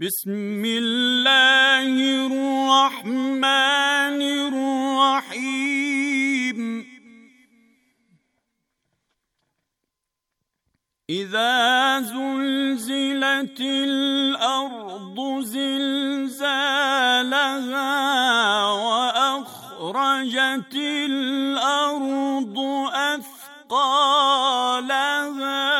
بسم الله الرحمن الرحيم اذا زلزلت الارض زلزالها واخرجت الارض اثقالها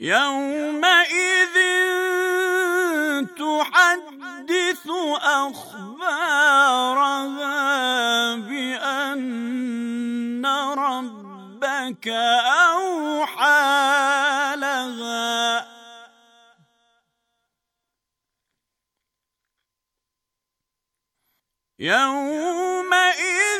يومئذ تحدث أخبارها بأن ربك أوحى لها يومئذ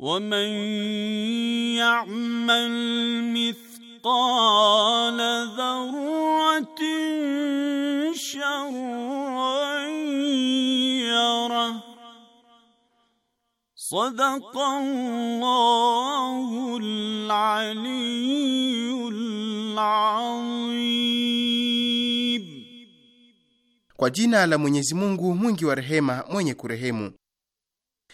ومن يعمل مثقال ذره شرا يره صدق الله العلي العظيم Kwa jina la Mwenyezi Mungu mwingi wa rehema mwenye kurehemu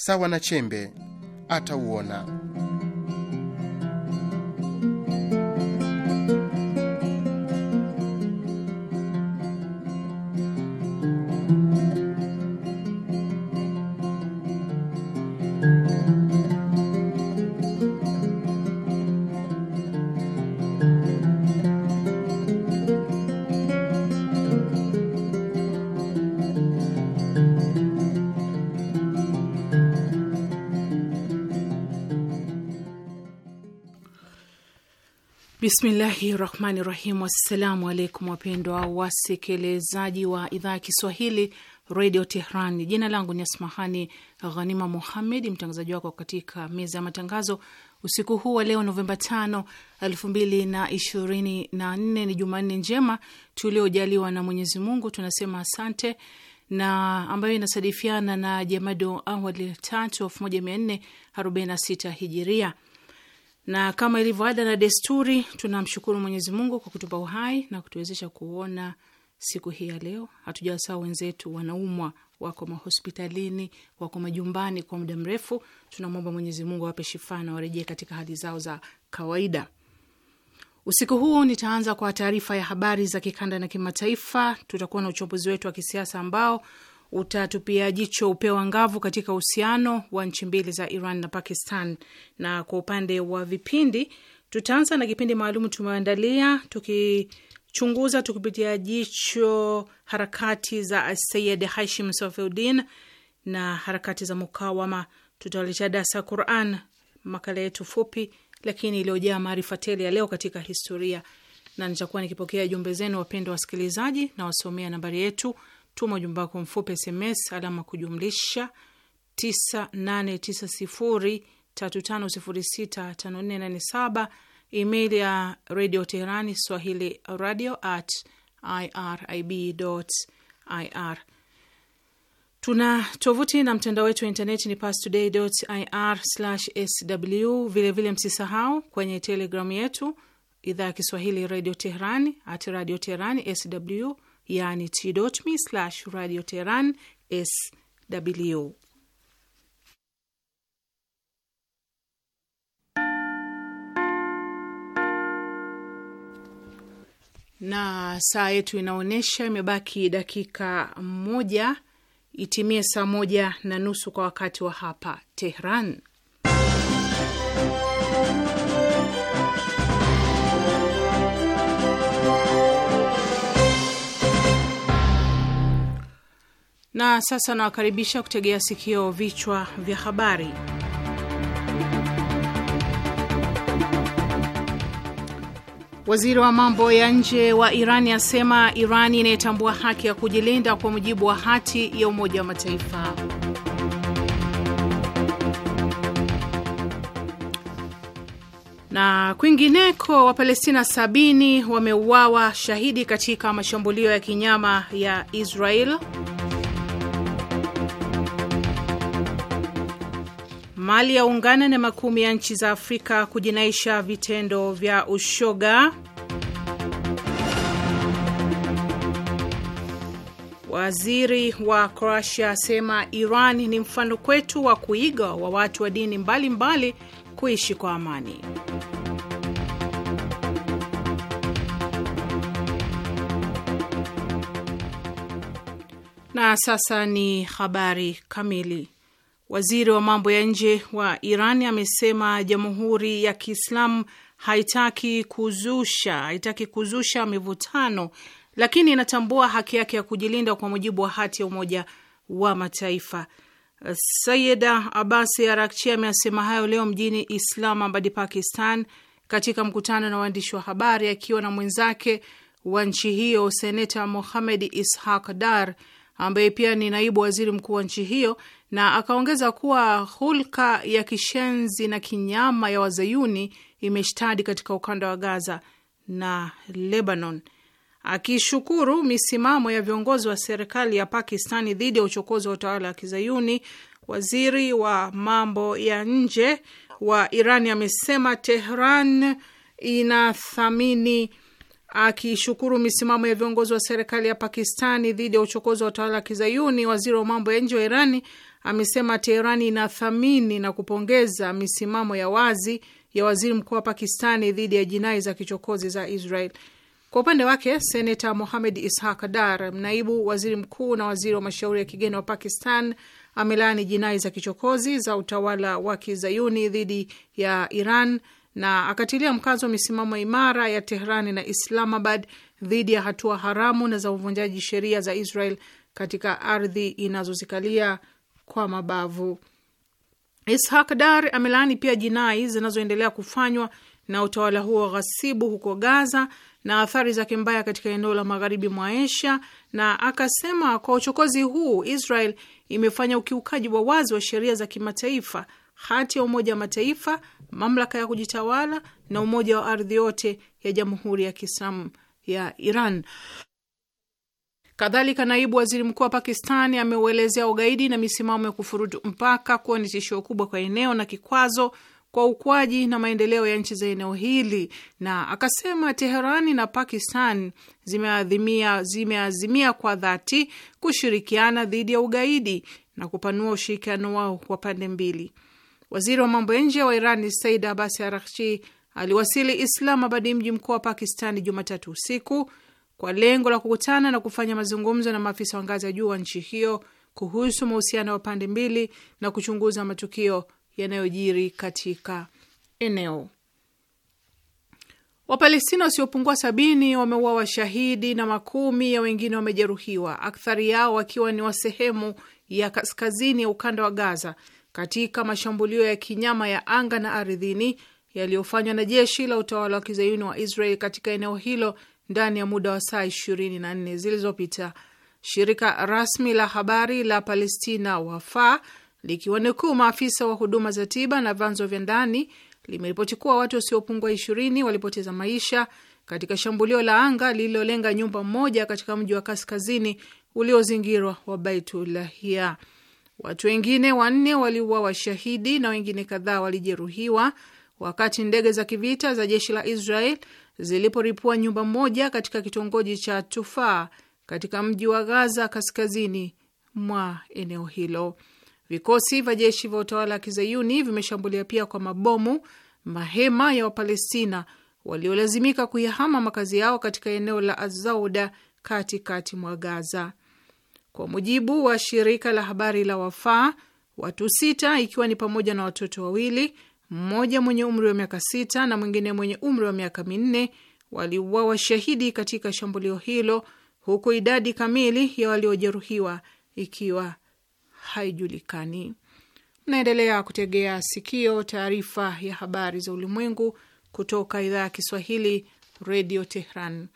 sawa na chembe atauona. Bismillahi rahmani rahim. Assalamu alaikum wapendwa wasikilizaji wa idhaa ya Kiswahili redio Tehran. Jina langu ni Asmahani Ghanima Muhammed, mtangazaji wako katika meza ya matangazo usiku huu wa leo Novemba 5, 2024. Ni Jumanne njema tuliojaliwa na Mwenyezi Mungu, tunasema asante, na ambayo inasadifiana na jemado Awali 3, 1446 hijiria na kama ilivyo ada na desturi, tunamshukuru Mwenyezi Mungu kwa kutupa uhai na kutuwezesha kuona siku hii ya leo. Hatujawasaa wenzetu wanaumwa, wako mahospitalini, wako majumbani kwa muda mrefu. Tunamwomba Mwenyezi Mungu awape shifa na warejee katika hali zao za kawaida. Usiku huu nitaanza kwa taarifa ya habari za kikanda na kimataifa. Tutakuwa na uchambuzi wetu wa kisiasa ambao utatupia jicho upeo angavu katika uhusiano wa nchi mbili za Iran na Pakistan, na kwa upande wa vipindi tutaanza na kipindi maalum tumeandalia tukichunguza tukipitia jicho harakati za Sayid Hashim Safiuddin na harakati za Mukawama. Tutawaletea dasa Quran, makala yetu fupi lakini iliyojaa maarifa tele ya leo katika historia, na nitakuwa nikipokea jumbe zenu, wapendwa wasikilizaji, na wasomea nambari yetu tuma ujumbe wako mfupi SMS alama kujumlisha 989035065487, email ya Radio Teherani swahili radio at irib.ir. Tuna tovuti na mtandao wetu wa intaneti ni pastoday.ir/sw. Vilevile msisahau kwenye telegramu yetu idhaa ya Kiswahili Radio Teherani at Radio Teherani sw yani t.me slash radio teheran sw. Na saa yetu inaonyesha imebaki dakika moja itimie saa moja na nusu kwa wakati wa hapa Tehran. Na sasa nawakaribisha kutegea sikio vichwa vya habari. Waziri wa mambo ya nje wa iran asema iran inayetambua haki ya kujilinda kwa mujibu wa hati ya Umoja wa Mataifa. Na kwingineko, Wapalestina sabini wameuawa shahidi katika mashambulio ya kinyama ya Israel. Mali yaungana na makumi ya nchi za Afrika kujinaisha vitendo vya ushoga. Waziri wa Croatia asema Iran ni mfano kwetu wa kuiga wa watu wa dini mbalimbali mbali kuishi kwa amani. Na sasa ni habari kamili. Waziri wa mambo ya nje wa Iran amesema jamhuri ya Kiislamu haitaki kuzusha haitaki kuzusha mivutano, lakini inatambua haki yake ya kujilinda kwa mujibu wa hati ya Umoja wa Mataifa. Sayida Abasi Arakchi amesema hayo leo mjini Islamabad, Pakistan, katika mkutano na waandishi wa habari akiwa na mwenzake wa nchi hiyo seneta Mohamed Ishaq Dar ambaye pia ni naibu waziri mkuu wa nchi hiyo, na akaongeza kuwa hulka ya kishenzi na kinyama ya wazayuni imeshtadi katika ukanda wa Gaza na Lebanon, akishukuru misimamo ya viongozi wa serikali ya Pakistani dhidi ya uchokozi wa utawala wa kizayuni. Waziri wa mambo ya nje wa iran amesema Tehran inathamini Akishukuru misimamo ya viongozi wa serikali ya Pakistani dhidi ya uchokozi wa utawala wa Kizayuni, waziri wa mambo ya nje wa Irani amesema Teherani inathamini na kupongeza misimamo ya wazi ya waziri mkuu wa Pakistani dhidi ya jinai za kichokozi za Israel. Kwa upande wake, seneta Mohamed Ishaq Dar, naibu waziri mkuu na waziri wa mashauri ya kigeni wa Pakistan, amelaani jinai za kichokozi za utawala wa Kizayuni dhidi ya Iran na akatilia mkazo misimamo imara ya Tehrani na Islamabad dhidi ya hatua haramu na za uvunjaji sheria za Israel katika ardhi inazozikalia kwa mabavu. Ishak Dar amelaani pia jinai zinazoendelea kufanywa na utawala huo ghasibu huko Gaza na athari zake mbaya katika eneo la magharibi mwa Asia, na akasema kwa uchokozi huu Israel imefanya ukiukaji wa wazi wa sheria za kimataifa, hati ya Umoja wa Mataifa mamlaka ya kujitawala na umoja wa ardhi yote ya Jamhuri ya Kiislamu ya Iran. Kadhalika, naibu waziri mkuu wa Pakistani ameuelezea ugaidi na misimamo ya kufurutu mpaka kuwa ni tishio kubwa kwa eneo na kikwazo kwa ukuaji na maendeleo ya nchi za eneo hili, na akasema Teherani na Pakistan zimeazimia zimeazimia kwa dhati kushirikiana dhidi ya ugaidi na kupanua ushirikiano wao wa pande mbili. Waziri wa mambo ya nje wa Iran Said Abbas Arakchi aliwasili Islamabadi, mji mkuu wa Pakistani, Jumatatu usiku kwa lengo la kukutana na kufanya mazungumzo na maafisa wa ngazi ya juu wa nchi hiyo kuhusu mahusiano ya pande mbili na kuchunguza matukio yanayojiri katika eneo. Wapalestina wasiopungua sabini wameuawa washahidi na makumi ya wengine wamejeruhiwa, akthari yao wakiwa ni wa sehemu ya kaskazini ya ukanda wa Gaza katika mashambulio ya kinyama ya anga na ardhini yaliyofanywa na jeshi la utawala wa kizayuni wa Israel katika eneo hilo ndani ya muda wa saa 24 zilizopita. Shirika rasmi la habari la Palestina Wafa likiwanukuu maafisa wa huduma za tiba na vyanzo vya ndani limeripoti kuwa watu wasiopungua ishirini walipoteza maisha katika shambulio la anga lililolenga nyumba moja katika mji wa kaskazini uliozingirwa wa Baitulahia. Watu wengine wanne waliuawa shahidi na wengine kadhaa walijeruhiwa wakati ndege za kivita za jeshi la Israel ziliporipua nyumba moja katika kitongoji cha Tufaa katika mji wa Gaza kaskazini mwa eneo hilo. Vikosi vya jeshi vya utawala wa kizayuni vimeshambulia pia kwa mabomu mahema ya Wapalestina waliolazimika kuyahama makazi yao katika eneo la Azauda katikati mwa Gaza. Kwa mujibu wa shirika la habari la Wafaa, watu sita ikiwa ni pamoja na watoto wawili, mmoja mwenye umri wa miaka sita na mwingine mwenye umri wa miaka minne waliuawa shahidi katika shambulio hilo, huku idadi kamili ya waliojeruhiwa ikiwa haijulikani. Mnaendelea kutegea sikio taarifa ya habari za ulimwengu kutoka idhaa ya Kiswahili, Redio Tehran.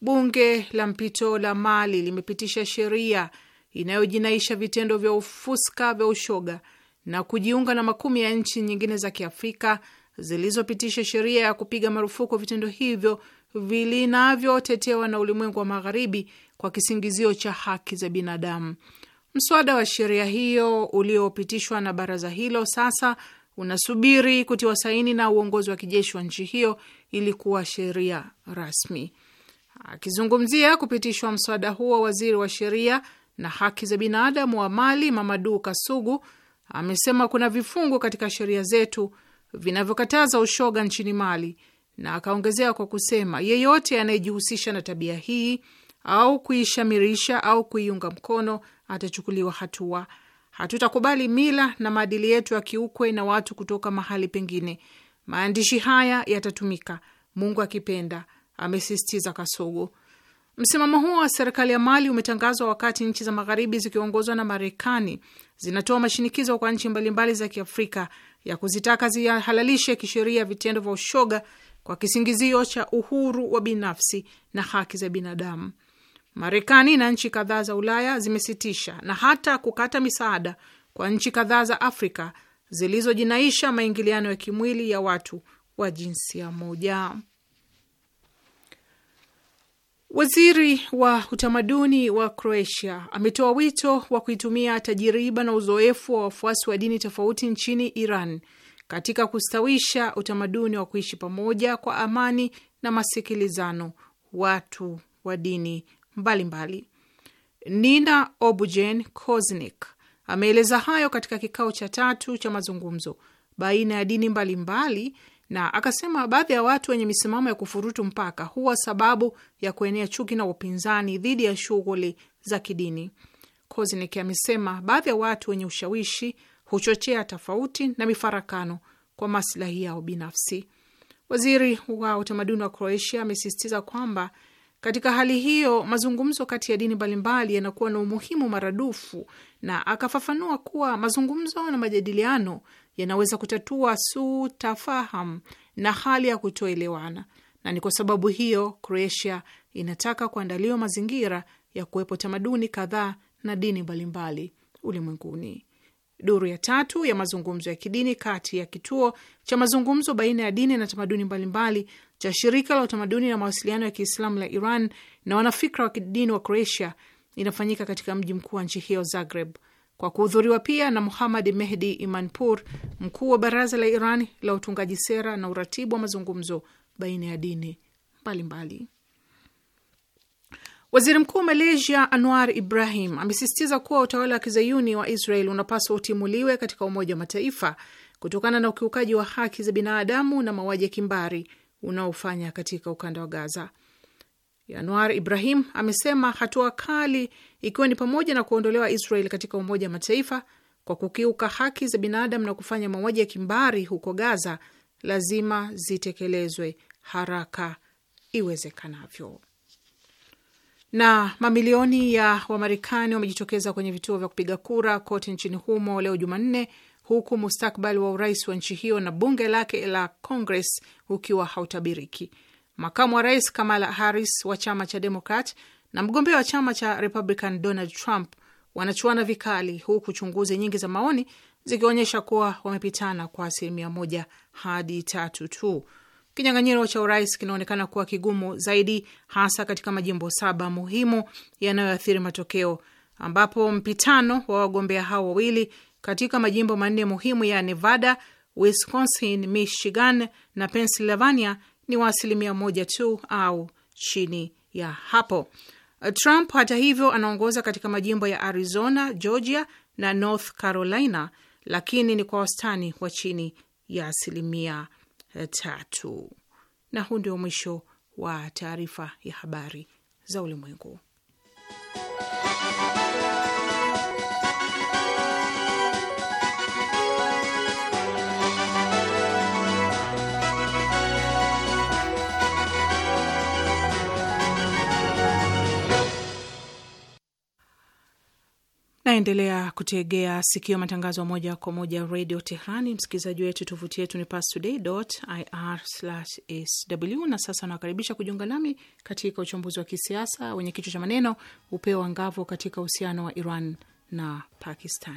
Bunge la mpito la Mali limepitisha sheria inayojinaisha vitendo vya ufuska vya ushoga na kujiunga na makumi ya nchi nyingine za Kiafrika zilizopitisha sheria ya kupiga marufuku vitendo hivyo vilinavyotetewa na ulimwengu wa Magharibi kwa kisingizio cha haki za binadamu. Mswada wa sheria hiyo uliopitishwa na baraza hilo sasa unasubiri kutiwa saini na uongozi wa kijeshi wa nchi hiyo ili kuwa sheria rasmi. Akizungumzia kupitishwa mswada huo, waziri wa sheria na haki za binadamu wa Mali Mamadu Kasugu amesema kuna vifungu katika sheria zetu vinavyokataza ushoga nchini Mali, na akaongezea kwa kusema yeyote anayejihusisha na tabia hii au kuishamirisha au kuiunga mkono atachukuliwa hatua. Hatutakubali mila na maadili yetu yakiukwe na watu kutoka mahali pengine. Maandishi haya yatatumika, Mungu akipenda, amesisitiza Kasugu. Msimamo huo wa serikali ya Mali umetangazwa wakati nchi za magharibi zikiongozwa na Marekani zinatoa mashinikizo kwa nchi mbalimbali za Kiafrika ya kuzitaka zihalalishe kisheria vitendo vya ushoga kwa kisingizio cha uhuru wa binafsi na haki za binadamu. Marekani na nchi kadhaa za Ulaya zimesitisha na hata kukata misaada kwa nchi kadhaa za Afrika zilizojinaisha maingiliano ya kimwili ya watu wa jinsia moja. Waziri wa utamaduni wa Croatia ametoa wito wa kuitumia tajiriba na uzoefu wa wafuasi wa dini tofauti nchini Iran katika kustawisha utamaduni wa kuishi pamoja kwa amani na masikilizano watu wa dini mbalimbali mbali. Nina Obujen Koznik ameeleza hayo katika kikao cha tatu cha mazungumzo baina ya dini mbalimbali mbali na akasema baadhi ya watu wenye misimamo ya kufurutu mpaka huwa sababu ya kuenea chuki na upinzani dhidi ya shughuli za kidini. kosnik amesema baadhi ya watu wenye ushawishi huchochea tofauti na mifarakano kwa maslahi yao binafsi. Waziri wa utamaduni wa Croatia amesisitiza kwamba katika hali hiyo mazungumzo kati ya dini mbalimbali yanakuwa na umuhimu maradufu, na akafafanua kuwa mazungumzo na majadiliano yanaweza kutatua tafaham na hali ya kutoelewana, na ni kwa sababu hiyo Kroatia inataka kuandaliwa mazingira ya kuwepo tamaduni kadhaa na dini mbalimbali ulimwenguni. Duru ya tatu ya mazungumzo ya kidini kati ya kituo cha mazungumzo baina ya dini na tamaduni mbalimbali cha shirika la utamaduni na mawasiliano ya Kiislamu la Iran na wanafikra wa kidini wa Croatia inafanyika katika mji mkuu wa nchi hiyo Zagreb kwa kuhudhuriwa pia na Muhamad Mehdi Imanpur, mkuu wa baraza la Iran la utungaji sera na uratibu wa mazungumzo baina ya dini mbalimbali. Waziri mkuu wa Malaysia Anwar Ibrahim amesisitiza kuwa utawala wa kizayuni wa Israel unapaswa utimuliwe katika Umoja wa Mataifa kutokana na ukiukaji wa haki za binadamu na mauaji ya kimbari unaofanya katika ukanda wa Gaza. Anwar Ibrahim amesema hatua kali ikiwa ni pamoja na kuondolewa Israel katika Umoja wa Mataifa kwa kukiuka haki za binadamu na kufanya mauaji ya kimbari huko Gaza, lazima zitekelezwe haraka iwezekanavyo. Na mamilioni ya Wamarekani wamejitokeza kwenye vituo vya kupiga kura kote nchini humo leo Jumanne, huku mustakbali wa urais wa nchi hiyo na bunge lake la Congress ukiwa hautabiriki. Makamu wa rais Kamala Harris wa chama cha Demokrat na mgombea wa chama cha Republican Donald Trump wanachuana vikali, huku chunguzi nyingi za maoni zikionyesha kuwa wamepitana kwa asilimia moja hadi tatu tu. Kinyang'anyiro cha urais kinaonekana kuwa kigumu zaidi, hasa katika majimbo saba muhimu yanayoathiri matokeo, ambapo mpitano wa wagombea hao wawili katika majimbo manne muhimu ya Nevada, Wisconsin, Michigan na Pennsylvania ni wa asilimia moja tu au chini ya hapo. Uh, Trump hata hivyo anaongoza katika majimbo ya Arizona, Georgia na North Carolina, lakini ni kwa wastani wa chini ya asilimia uh, tatu. Na huu ndio mwisho wa taarifa ya habari za ulimwengu. Naendelea kutegea sikio matangazo moja kwa moja redio Tehrani. Msikilizaji wetu, tovuti yetu ni pastoday.ir/sw. Na sasa nawakaribisha kujiunga nami katika uchambuzi wa kisiasa wenye kichwa cha maneno upeo wa ngavo katika uhusiano wa Iran na Pakistan.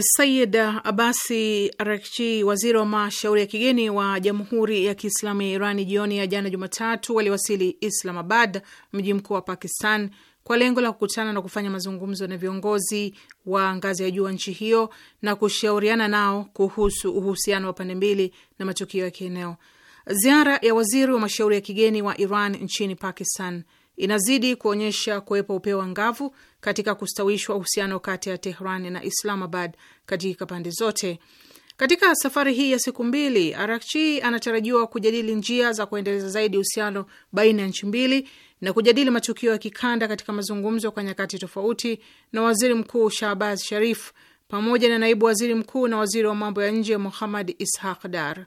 Sayid Abasi Arakchi, waziri wa mashauri ya kigeni wa Jamhuri ya Kiislamu ya Irani, jioni ya jana Jumatatu waliwasili Islamabad, mji mkuu wa Pakistan, kwa lengo la kukutana na kufanya mazungumzo na viongozi wa ngazi ya juu wa nchi hiyo na kushauriana nao kuhusu uhusiano wa pande mbili na matukio ya kieneo. Ziara ya waziri wa mashauri ya kigeni wa Iran nchini Pakistan inazidi kuonyesha kuwepo upeo angavu katika kustawishwa uhusiano kati ya Tehran na Islamabad katika pande zote. Katika safari hii ya siku mbili, Arakchi anatarajiwa kujadili njia za kuendeleza zaidi uhusiano baina ya nchi mbili na kujadili matukio ya kikanda katika mazungumzo kwa nyakati tofauti na waziri mkuu Shahbaz Sharif pamoja na naibu waziri mkuu na waziri wa mambo ya nje Muhammad Ishaq Dar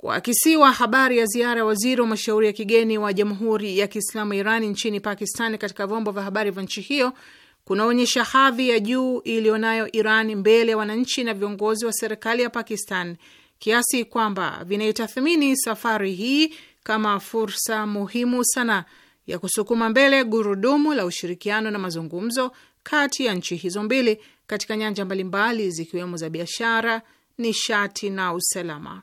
kuakisiwa habari ya ziara ya waziri wa mashauri ya kigeni wa Jamhuri ya Kiislamu iran nchini Pakistan katika vyombo vya habari vya nchi hiyo kunaonyesha hadhi ya juu iliyonayo Iran mbele ya wananchi na viongozi wa serikali ya Pakistan kiasi kwamba vinaitathmini safari hii kama fursa muhimu sana ya kusukuma mbele gurudumu la ushirikiano na mazungumzo kati ya nchi hizo mbili katika nyanja mbalimbali zikiwemo za biashara, nishati na usalama.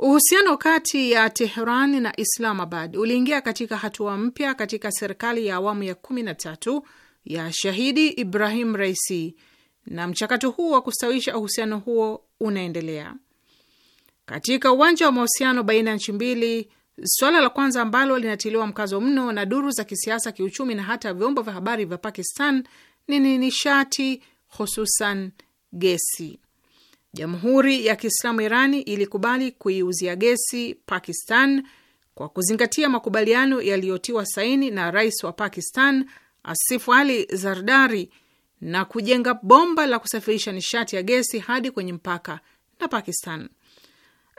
Uhusiano kati ya Tehran na Islamabad uliingia katika hatua mpya katika serikali ya awamu ya 13 ya Shahidi Ibrahim Raisi, na mchakato huo wa kustawisha uhusiano huo unaendelea. Katika uwanja wa mahusiano baina ya nchi mbili, suala la kwanza ambalo linatiliwa mkazo mno na duru za kisiasa, kiuchumi na hata vyombo vya habari vya Pakistan ni nishati, hususan gesi. Jamhuri ya Kiislamu Irani ilikubali kuiuzia gesi Pakistan kwa kuzingatia makubaliano yaliyotiwa saini na rais wa Pakistan Asifu Ali Zardari na kujenga bomba la kusafirisha nishati ya gesi hadi kwenye mpaka na Pakistan.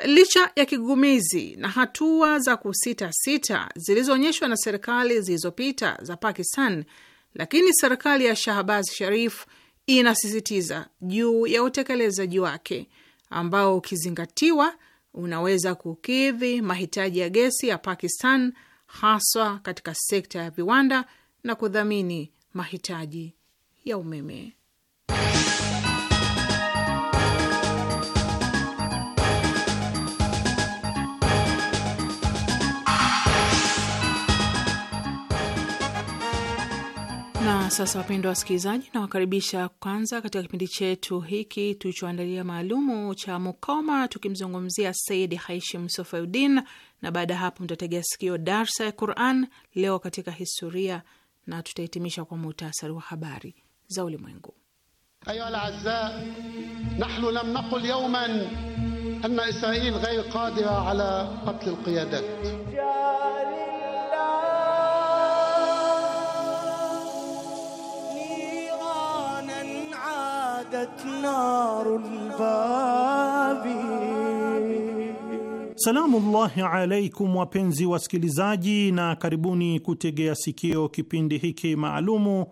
Licha ya kigumizi na hatua za kusita sita zilizoonyeshwa na serikali zilizopita za Pakistan, lakini serikali ya Shahbaz Sharif inasisitiza juu ya utekelezaji wake ambao ukizingatiwa unaweza kukidhi mahitaji ya gesi ya Pakistan haswa katika sekta ya viwanda na kudhamini mahitaji ya umeme. Na sasa, wapendwa wasikilizaji, nawakaribisha kwanza katika kipindi chetu hiki tulichoandalia maalumu cha mukoma tukimzungumzia Said Haishim Sofauddin, na baada ya hapo mtategea sikio darsa ya Quran, leo katika historia, na tutahitimisha kwa muhtasari wa habari za ulimwengu. Ayuha nahnu lam naqul yawman anna ghayr qadira ala qatl وردت نار الباب alaikum, wapenzi wasikilizaji, na karibuni kutegea sikio kipindi hiki maalumu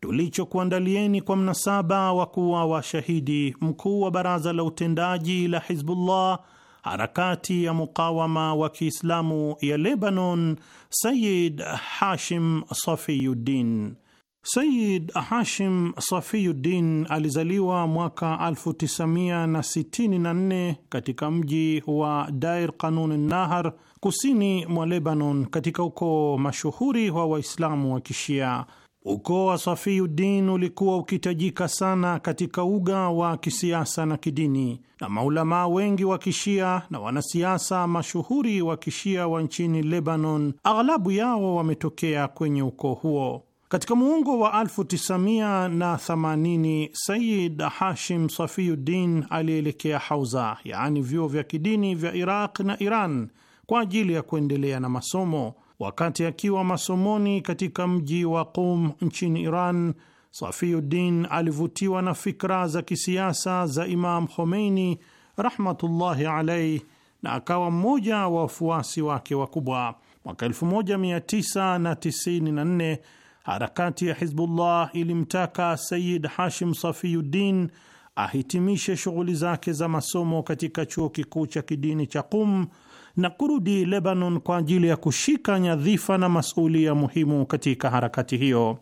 tulichokuandalieni kwa mnasaba wa kuwa washahidi mkuu wa baraza la utendaji la Hizbullah harakati ya mukawama wa Kiislamu ya Lebanon, Sayid Hashim Safiyuddin Sayid Hashim Safiyuddin alizaliwa mwaka 1964 katika mji wa Dair Kanun Nahar kusini mwa Lebanon, katika ukoo mashuhuri wa Waislamu wa Kishia. Ukoo wa Safiyuddin ulikuwa ukitajika sana katika uga wa kisiasa na kidini, na maulamaa wengi wa Kishia na wanasiasa mashuhuri wa Kishia wa nchini Lebanon, aghalabu yao wametokea kwenye ukoo huo. Katika muongo wa 1980 Sayid Hashim Safiuddin alielekea hauza, yaani vyuo vya kidini vya Iraq na Iran kwa ajili ya kuendelea na masomo. Wakati akiwa masomoni katika mji wa Qum nchini Iran, Safiuddin alivutiwa na fikra za kisiasa za Imam Khomeini rahmatullahi alaih na akawa mmoja wa wafuasi wake wakubwa. Mwaka 1994 harakati ya Hizbullah ilimtaka Sayid Hashim Safiyuddin ahitimishe shughuli zake za masomo katika chuo kikuu cha kidini cha Qum na kurudi Lebanon kwa ajili ya kushika nyadhifa na ya muhimu katika harakati hiyo.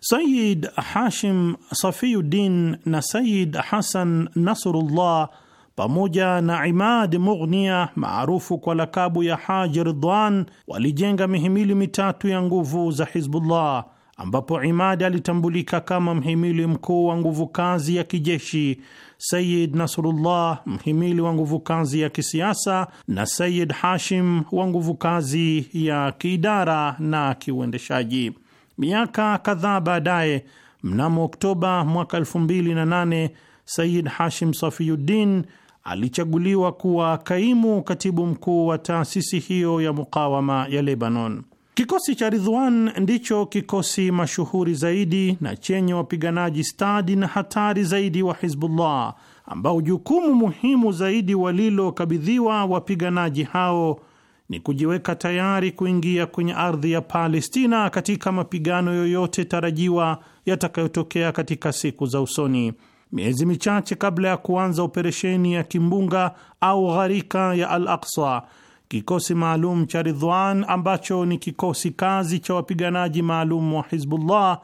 Sayid Hashim Safiyuddin na Sayid Hasan Nasrullah pamoja na Imad Mughnia maarufu kwa lakabu ya Haji Ridwan walijenga mihimili mitatu ya nguvu za Hizbullah ambapo Imad alitambulika kama mhimili mkuu wa nguvu kazi ya kijeshi, Sayid Nasrullah mhimili wa nguvu kazi ya kisiasa, na Sayid Hashim wa nguvu kazi ya kiidara na kiuendeshaji. Miaka kadhaa baadaye, mnamo Oktoba mwaka 2008 Sayid Hashim Safiyuddin alichaguliwa kuwa kaimu katibu mkuu wa taasisi hiyo ya mukawama ya Lebanon. Kikosi cha Ridhwan ndicho kikosi mashuhuri zaidi na chenye wapiganaji stadi na hatari zaidi wa Hizbullah, ambao jukumu muhimu zaidi walilokabidhiwa wapiganaji hao ni kujiweka tayari kuingia kwenye ardhi ya Palestina katika mapigano yoyote tarajiwa yatakayotokea katika siku za usoni. Miezi michache kabla ya kuanza operesheni ya kimbunga au gharika ya Al-Aqsa, Kikosi maalum cha ridhwan ambacho ni kikosi kazi cha wapiganaji maalum wa Hizbullah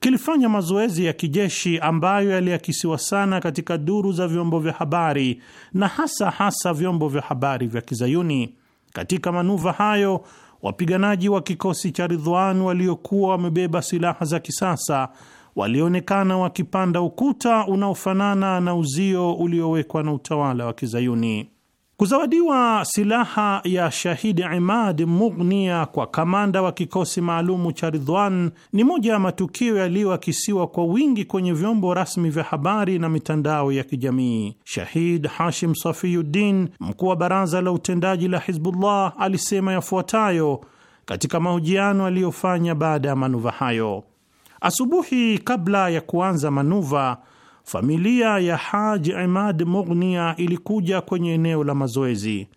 kilifanya mazoezi ya kijeshi ambayo yaliakisiwa sana katika duru za vyombo vya habari na hasa hasa vyombo vya habari vya Kizayuni. Katika manuva hayo, wapiganaji wa kikosi cha ridhwan waliokuwa wamebeba silaha za kisasa walionekana wakipanda ukuta unaofanana na uzio uliowekwa na utawala wa Kizayuni. Kuzawadiwa silaha ya shahidi Imad Mughnia kwa kamanda wa kikosi maalumu cha Ridhwan ni moja ya matukio yaliyoakisiwa kwa wingi kwenye vyombo rasmi vya habari na mitandao ya kijamii. Shahid Hashim Safiyuddin, mkuu wa baraza la utendaji la Hizbullah, alisema yafuatayo katika mahojiano aliyofanya baada ya manuva hayo: asubuhi kabla ya kuanza manuva familia ya Haji Imad Mughnia ilikuja kwenye eneo la mazoezi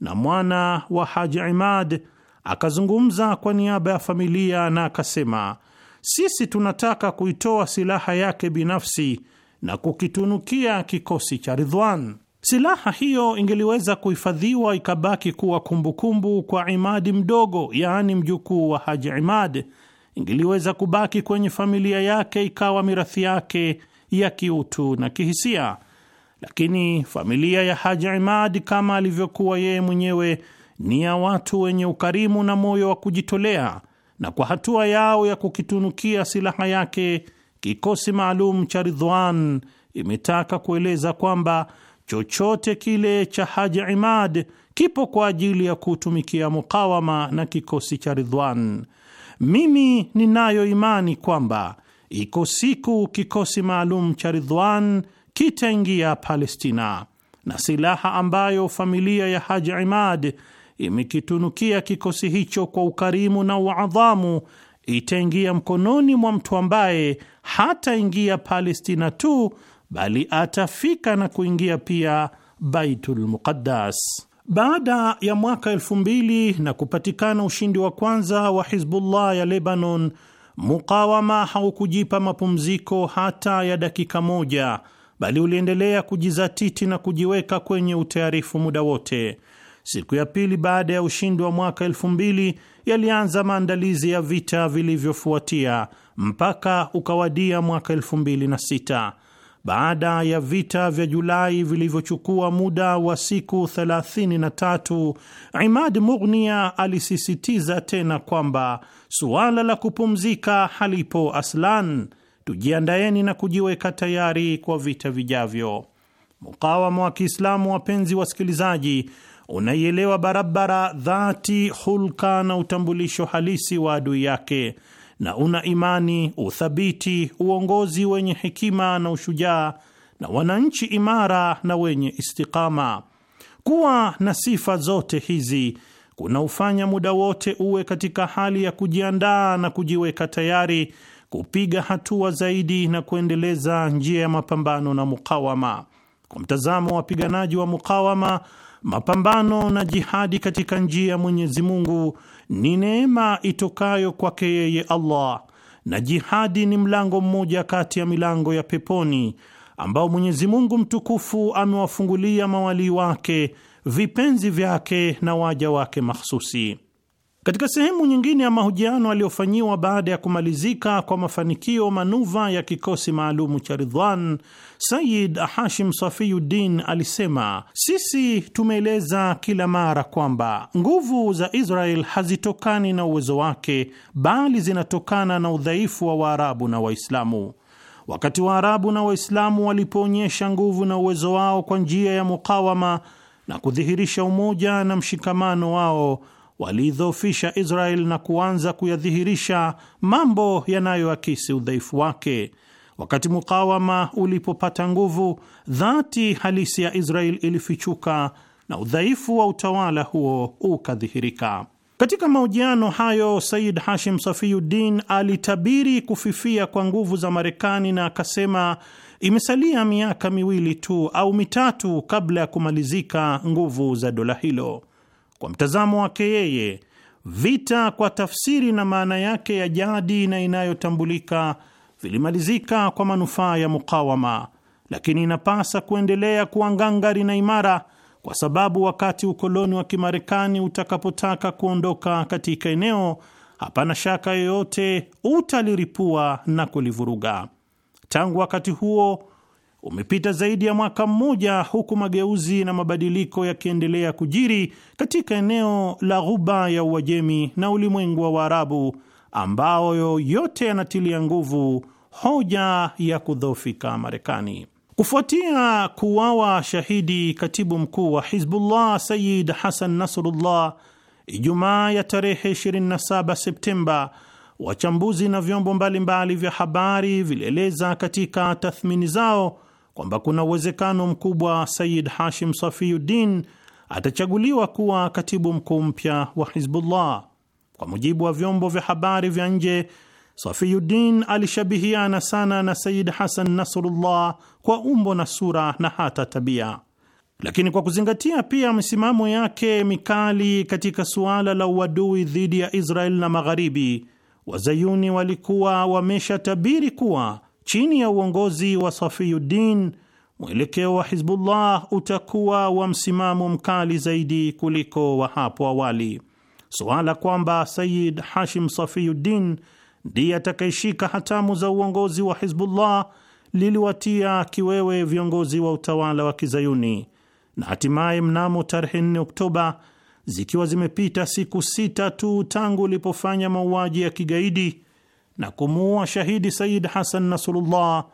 na mwana wa Haji Imad akazungumza kwa niaba ya familia na akasema, sisi tunataka kuitoa silaha yake binafsi na kukitunukia kikosi cha ridhwan Silaha hiyo ingeliweza kuhifadhiwa ikabaki kuwa kumbukumbu kumbu kwa Imadi mdogo, yaani mjukuu wa Haji Imad, ingeliweza kubaki kwenye familia yake ikawa mirathi yake ya kiutu na kihisia. Lakini familia ya Haji Imad, kama alivyokuwa yeye mwenyewe, ni ya watu wenye ukarimu na moyo wa kujitolea, na kwa hatua yao ya kukitunukia silaha yake kikosi maalum cha ridhwan imetaka kueleza kwamba chochote kile cha Haji Imad kipo kwa ajili ya kutumikia mukawama na kikosi cha ridhwan Mimi ninayo imani kwamba iko siku kikosi maalum cha ridhwan kitaingia Palestina, na silaha ambayo familia ya Haji Imad imekitunukia kikosi hicho kwa ukarimu na uadhamu itaingia mkononi mwa mtu ambaye hataingia Palestina tu bali atafika na kuingia pia Baitul Muqaddas. Baada ya mwaka elfu mbili na kupatikana ushindi wa kwanza wa Hizbullah ya Lebanon Mukawama haukujipa mapumziko hata ya dakika moja, bali uliendelea kujizatiti na kujiweka kwenye utayarifu muda wote. Siku ya pili baada ya ushindi wa mwaka elfu mbili yalianza maandalizi ya vita vilivyofuatia mpaka ukawadia mwaka elfu mbili na sita baada ya vita vya Julai vilivyochukua muda wa siku 33, Imad Mughnia alisisitiza tena kwamba suala la kupumzika halipo aslan, tujiandayeni na kujiweka tayari kwa vita vijavyo. Mukawama wa Kiislamu, wapenzi wasikilizaji, unaielewa barabara dhati, hulka na utambulisho halisi wa adui yake na una imani, uthabiti, uongozi wenye hekima na ushujaa, na wananchi imara na wenye istikama. Kuwa na sifa zote hizi kunaufanya muda wote uwe katika hali ya kujiandaa na kujiweka tayari kupiga hatua zaidi na kuendeleza njia ya mapambano na mukawama. Kwa mtazamo wa wapiganaji wa mukawama, mapambano na jihadi katika njia ya Mwenyezi Mungu ni neema itokayo kwake yeye Allah, na jihadi ni mlango mmoja kati ya milango ya peponi ambao Mwenyezi Mungu mtukufu amewafungulia mawalii wake, vipenzi vyake na waja wake mahsusi. Katika sehemu nyingine ya mahojiano aliyofanyiwa baada ya kumalizika kwa mafanikio manuva ya kikosi maalumu cha Ridwan, Sayid Hashim Safiyuddin alisema, sisi tumeeleza kila mara kwamba nguvu za Israel hazitokani na uwezo wake, bali zinatokana na udhaifu wa Waarabu na Waislamu. Wakati Waarabu na Waislamu walipoonyesha nguvu na uwezo wao kwa njia ya mukawama na kudhihirisha umoja na mshikamano wao walidhoofisha Israel na kuanza kuyadhihirisha mambo yanayoakisi udhaifu wake. Wakati mukawama ulipopata nguvu, dhati halisi ya Israel ilifichuka na udhaifu wa utawala huo ukadhihirika. Katika mahojiano hayo, Said Hashim Safiyuddin alitabiri kufifia kwa nguvu za Marekani na akasema imesalia miaka miwili tu au mitatu kabla ya kumalizika nguvu za dola hilo. Kwa mtazamo wake yeye, vita kwa tafsiri na maana yake ya jadi na inayotambulika vilimalizika kwa manufaa ya mukawama, lakini inapasa kuendelea kuwa ngangari na imara, kwa sababu wakati ukoloni wa Kimarekani utakapotaka kuondoka katika eneo, hapana shaka yoyote utaliripua na kulivuruga. Tangu wakati huo Umepita zaidi ya mwaka mmoja huku mageuzi na mabadiliko yakiendelea kujiri katika eneo la Ghuba ya Uajemi na ulimwengu wa Waarabu, ambayo yote yanatilia nguvu hoja ya kudhoofika Marekani. Kufuatia kuwawa shahidi katibu mkuu wa Hizbullah Sayid Hasan Nasrullah Ijumaa ya tarehe 27 Septemba, wachambuzi na vyombo mbalimbali mbali vya habari vilieleza katika tathmini zao kwamba kuna uwezekano mkubwa Sayid Hashim Safiuddin atachaguliwa kuwa katibu mkuu mpya wa Hizbullah. Kwa mujibu wa vyombo vya habari vya nje, Safiuddin alishabihiana sana na Sayid Hasan Nasrullah kwa umbo na sura na hata tabia, lakini kwa kuzingatia pia misimamo yake mikali katika suala la uadui dhidi ya Israel na Magharibi, wazayuni walikuwa wameshatabiri kuwa chini ya uongozi wa Safiyuddin, mwelekeo wa Hizbullah utakuwa wa msimamo mkali zaidi kuliko wa hapo awali. Suala kwamba Sayid Hashim Safiyuddin ndiye atakayeshika hatamu za uongozi wa Hizbullah liliwatia kiwewe viongozi wa utawala wa kizayuni na hatimaye mnamo tarehe 4 Oktoba, zikiwa zimepita siku sita tu tangu ulipofanya mauaji ya kigaidi na kumuua shahidi Said Hasan Nasrullah,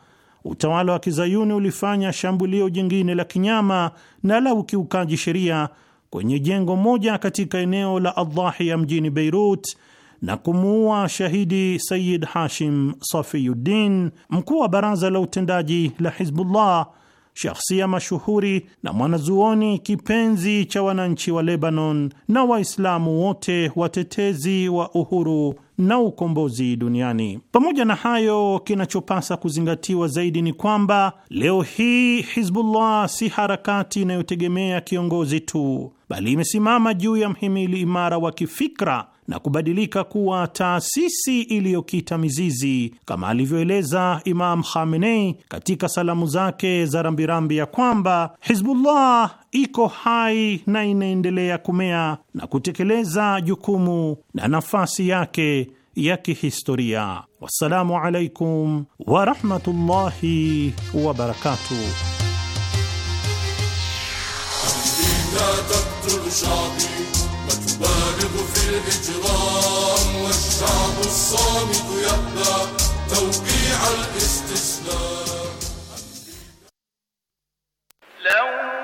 utawala wa kizayuni ulifanya shambulio jingine la kinyama na la ukiukaji sheria kwenye jengo moja katika eneo la Adhahiya mjini Beirut na kumuua shahidi Sayid Hashim Safiyuddin, mkuu wa baraza la utendaji la Hizbullah, shakhsia mashuhuri na mwanazuoni kipenzi cha wananchi wa Lebanon na Waislamu wote watetezi wa uhuru na ukombozi duniani. Pamoja na hayo, kinachopasa kuzingatiwa zaidi ni kwamba leo hii Hizbullah si harakati inayotegemea kiongozi tu, bali imesimama juu ya mhimili imara wa kifikra na kubadilika kuwa taasisi iliyokita mizizi kama alivyoeleza Imam Khamenei katika salamu zake za rambirambi ya kwamba Hizbullah iko hai na inaendelea kumea na kutekeleza jukumu na nafasi yake ya kihistoria. Wassalamu alaikum warahmatullahi wabarakatuh. يبلغ في الإجرام والشعب الصامت يهدى توقيع الاستسلام لو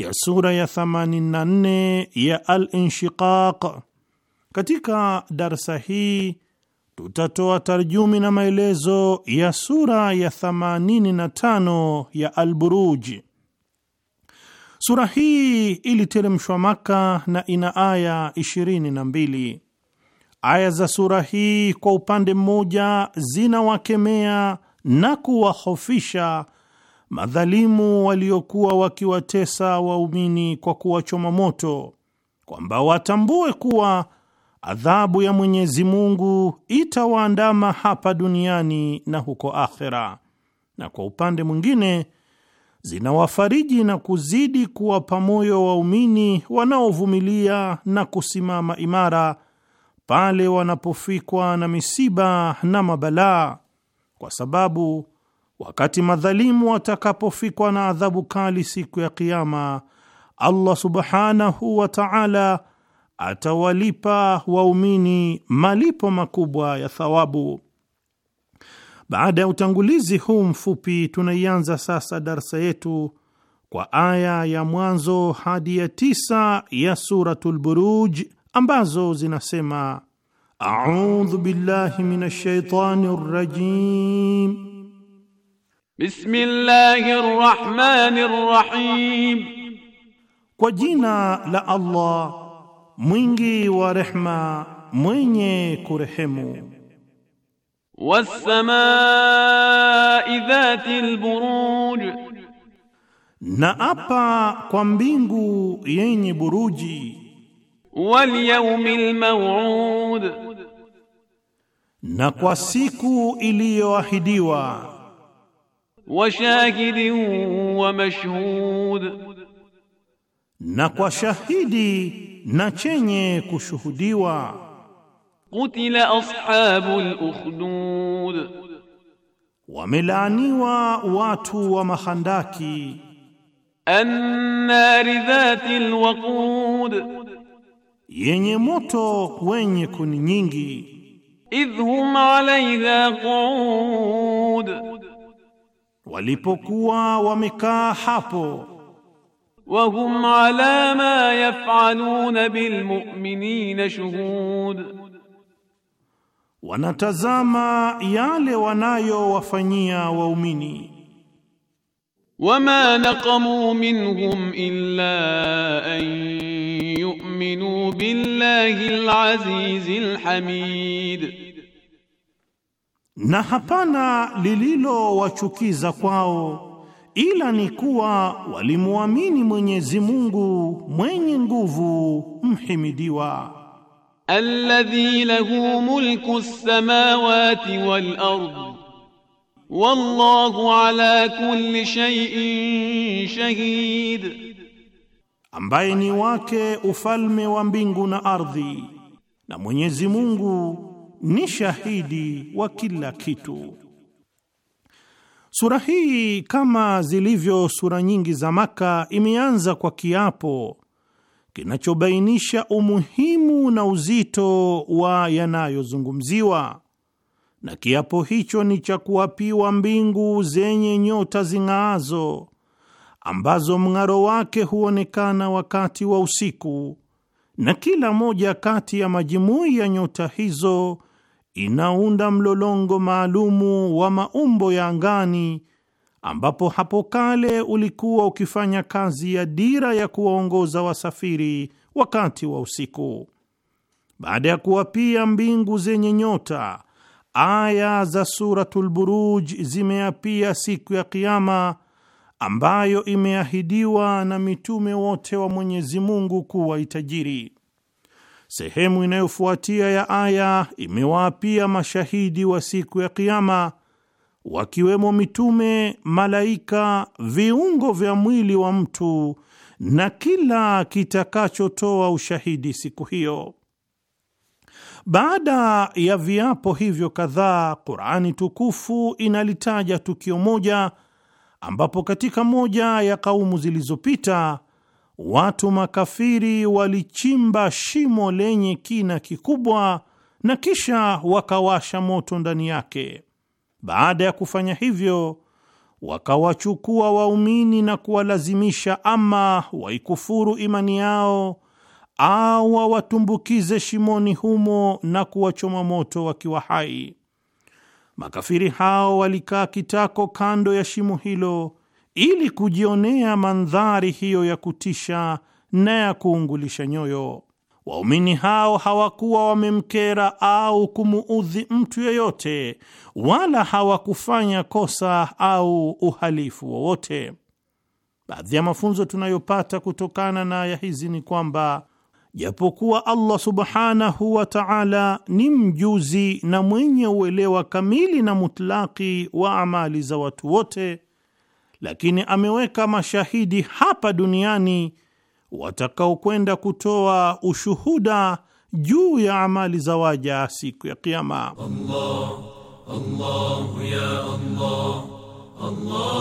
ya sura ya 84 ya Al-Inshiqaq. Katika darsa hii tutatoa tarjumi na maelezo ya sura ya 85 ya Al-Buruj. Sura hii iliteremshwa Maka na ina aya 22. Aya za sura hii kwa upande mmoja zinawakemea na kuwahofisha madhalimu waliokuwa wakiwatesa waumini kwa kuwachoma moto, kwamba watambue kuwa adhabu ya Mwenyezi Mungu itawaandama hapa duniani na huko akhera, na kwa upande mwingine zinawafariji na kuzidi kuwapa moyo waumini wanaovumilia na kusimama imara pale wanapofikwa na misiba na mabalaa, kwa sababu Wakati madhalimu watakapofikwa na adhabu kali siku ya Kiama, Allah subhanahu wa taala atawalipa waumini malipo makubwa ya thawabu. Baada ya utangulizi huu mfupi, tunaianza sasa darsa yetu kwa aya ya mwanzo hadi ya tisa ya Suratul Buruj ambazo zinasema: audhu billahi minash shaitani rajim Bismillahir Rahmanir Rahim, kwa jina la Allah mwingi wa rehma mwenye kurehemu. Wassamai dhatil buruj, na apa kwa mbingu yenye buruji. Wal yawmil maw'ud, na kwa siku iliyoahidiwa wa shahidi wa mashhud, na kwa shahidi na chenye kushuhudiwa. Qutila ashabul ukhdud, wamelaaniwa watu wa mahandaki. Annari dhatil waqud, yenye moto wenye kuni nyingi. hum alaiha qu'ud walipokuwa wamekaa hapo. wa hum ala ma yafaluna bil mu'minina shuhud, wanatazama yale wanayowafanyia waumini. wama naqamu minhum illa an yu'minu billahi al-azizil hamid na hapana lililowachukiza kwao ila ni kuwa walimwamini Mwenyezi Mungu mwenye nguvu mhimidiwa. Alladhi lahu mulku samawati wal ard wallahu ala kulli shay'in shahid, ambaye ni wake ufalme wa mbingu na ardhi, na Mwenyezi Mungu ni shahidi wa kila kitu. Sura hii kama zilivyo sura nyingi za Maka imeanza kwa kiapo kinachobainisha umuhimu na uzito wa yanayozungumziwa, na kiapo hicho ni cha kuapiwa mbingu zenye nyota zing'aazo ambazo mng'aro wake huonekana wakati wa usiku, na kila moja kati ya majimui ya nyota hizo inaunda mlolongo maalumu wa maumbo ya angani ambapo hapo kale ulikuwa ukifanya kazi ya dira ya kuwaongoza wasafiri wakati wa usiku. Baada ya kuwapia mbingu zenye nyota, aya za Suratul Buruj zimeapia siku ya Kiama ambayo imeahidiwa na mitume wote wa Mwenyezi Mungu kuwa itajiri. Sehemu inayofuatia ya aya imewaapia mashahidi wa siku ya Kiama, wakiwemo mitume, malaika, viungo vya mwili wa mtu na kila kitakachotoa ushahidi siku hiyo. Baada ya viapo hivyo kadhaa, Qur'ani tukufu inalitaja tukio moja ambapo katika moja ya kaumu zilizopita watu makafiri walichimba shimo lenye kina kikubwa na kisha wakawasha moto ndani yake. Baada ya kufanya hivyo, wakawachukua waumini na kuwalazimisha ama waikufuru imani yao au wawatumbukize shimoni humo na kuwachoma moto wakiwa hai. Makafiri hao walikaa kitako kando ya shimo hilo ili kujionea mandhari hiyo ya kutisha na ya kuungulisha nyoyo. Waumini hao hawakuwa wamemkera au kumuudhi mtu yeyote, wala hawakufanya kosa au uhalifu wowote. Baadhi ya mafunzo tunayopata kutokana na aya hizi ni kwamba japokuwa Allah subhanahu wa ta'ala ni mjuzi na mwenye uelewa kamili na mutlaki wa amali za watu wote lakini ameweka mashahidi hapa duniani watakaokwenda kutoa ushuhuda juu ya amali za waja siku ya Kiama. Allah, Allah, ya Allah, Allah,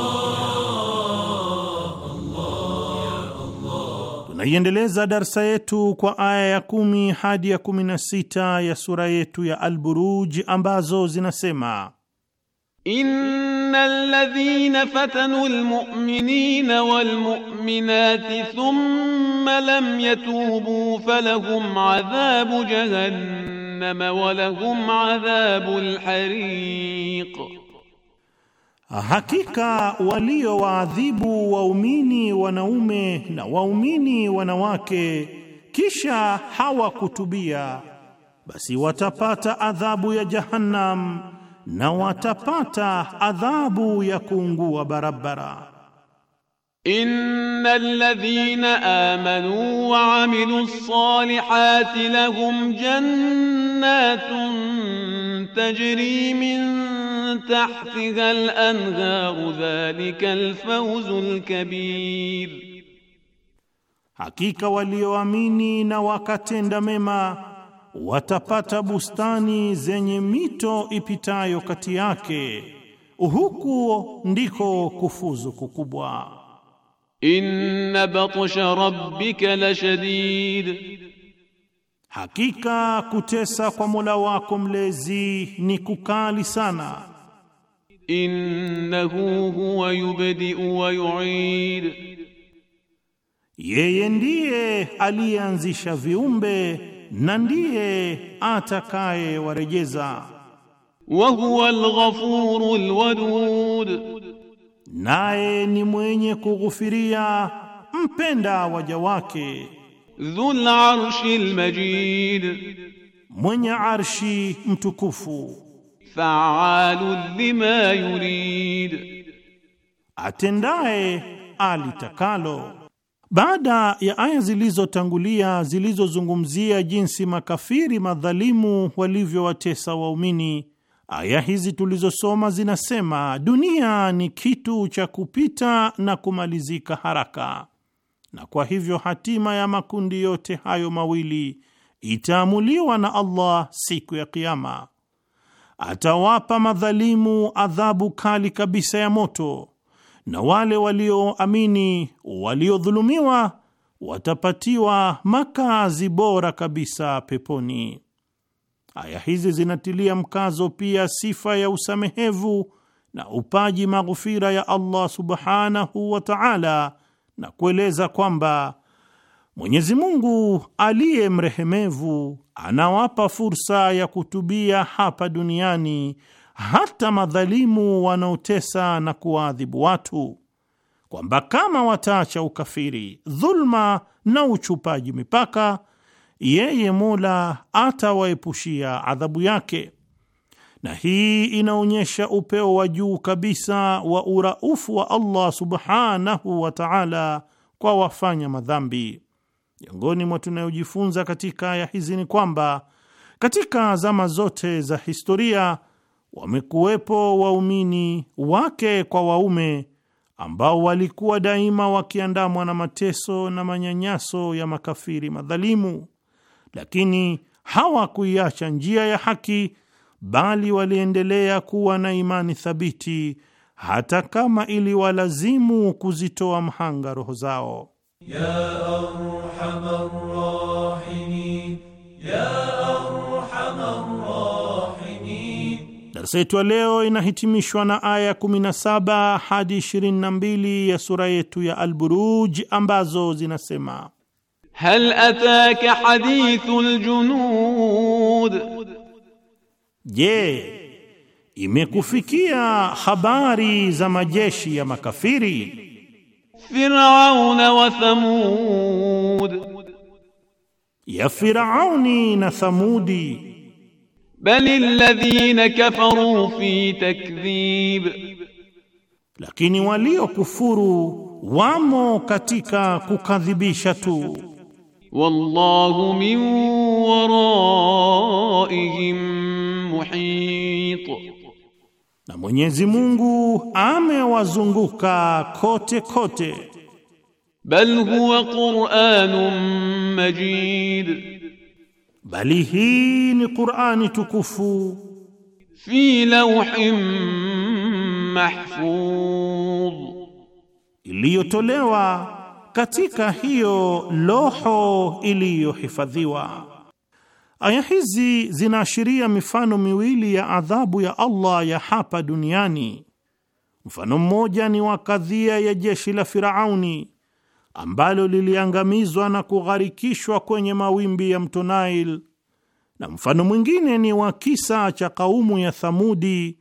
Allah. Tunaiendeleza darsa yetu kwa aya ya kumi hadi ya kumi na sita ya sura yetu ya Alburuj ambazo zinasema Innal ladhina fatanu almu'minina walmu'minati thumma lam yatubu falahum adhabu jahannam walahum adhabul hariq, hakika waliowaadhibu waumini wanaume na waumini wanawake kisha hawakutubia, basi watapata adhabu ya Jahannam na watapata adhabu ya kuungua barabara. إن الذين آمنوا وعملوا الصالحات لهم جنات تجري من تحتها الأنهار ذلك الفوز الكبير. Hakika walioamini na wakatenda watapata bustani zenye mito ipitayo kati yake, huku ndiko kufuzu kukubwa. Inna batsha rabbika lashadid, hakika kutesa kwa Mola wako mlezi ni kukali sana. Innahu huwa yubdiu wa yuid, yeye ndiye aliyeanzisha viumbe na ndiye warejeza. Wa huwa al-ghafuru al-wadud, naye ni mwenye kughufiria mpenda waja wake. Dhul arshi al-majid, mwenye arshi mtukufu. Faalu lima yurid, atendaye alitakalo. Baada ya aya zilizotangulia zilizozungumzia jinsi makafiri madhalimu walivyowatesa waumini, aya hizi tulizosoma zinasema dunia ni kitu cha kupita na kumalizika haraka, na kwa hivyo hatima ya makundi yote hayo mawili itaamuliwa na Allah siku ya kiama Atawapa madhalimu adhabu kali kabisa ya moto na wale walioamini waliodhulumiwa watapatiwa makazi bora kabisa peponi. Aya hizi zinatilia mkazo pia sifa ya usamehevu na upaji maghufira ya Allah subhanahu wa ta'ala, na kueleza kwamba Mwenyezi Mungu aliye mrehemevu anawapa fursa ya kutubia hapa duniani hata madhalimu wanaotesa na kuwaadhibu watu, kwamba kama wataacha ukafiri, dhulma na uchupaji mipaka, yeye Mola atawaepushia adhabu yake. Na hii inaonyesha upeo wa juu kabisa wa uraufu wa Allah subhanahu wa ta'ala kwa wafanya madhambi. Miongoni mwa tunayojifunza katika aya hizi ni kwamba katika zama zote za historia wamekuwepo waumini wake kwa waume ambao walikuwa daima wakiandamwa na mateso na manyanyaso ya makafiri madhalimu, lakini hawakuiacha njia ya haki, bali waliendelea kuwa na imani thabiti hata kama iliwalazimu kuzitoa mhanga roho zao ya Darsa yetu ya leo inahitimishwa na aya 17 hadi 22 ya sura yetu ya Al-Buruj ambazo zinasema: hal ataka hadithul junud, je, imekufikia habari za majeshi ya makafiri. Firauna wa Thamud, ya Firauni na Thamudi bali alladhina kafaru fi takdhib, lakini waliokufuru wamo katika kukadhibisha tu. Wallahu min waraihim muhit, na Mwenyezi Mungu amewazunguka kote kote. Bal huwa Qur'anun majid bali hii ni Qur'ani tukufu. Fi lawhin mahfuz, iliyotolewa katika hiyo loho iliyohifadhiwa. Aya hizi zinaashiria mifano miwili ya adhabu ya Allah ya hapa duniani. Mfano mmoja ni wa kadhia ya jeshi la Firauni ambalo liliangamizwa na kugharikishwa kwenye mawimbi ya mto Nile, na mfano mwingine ni wa kisa cha kaumu ya Thamudi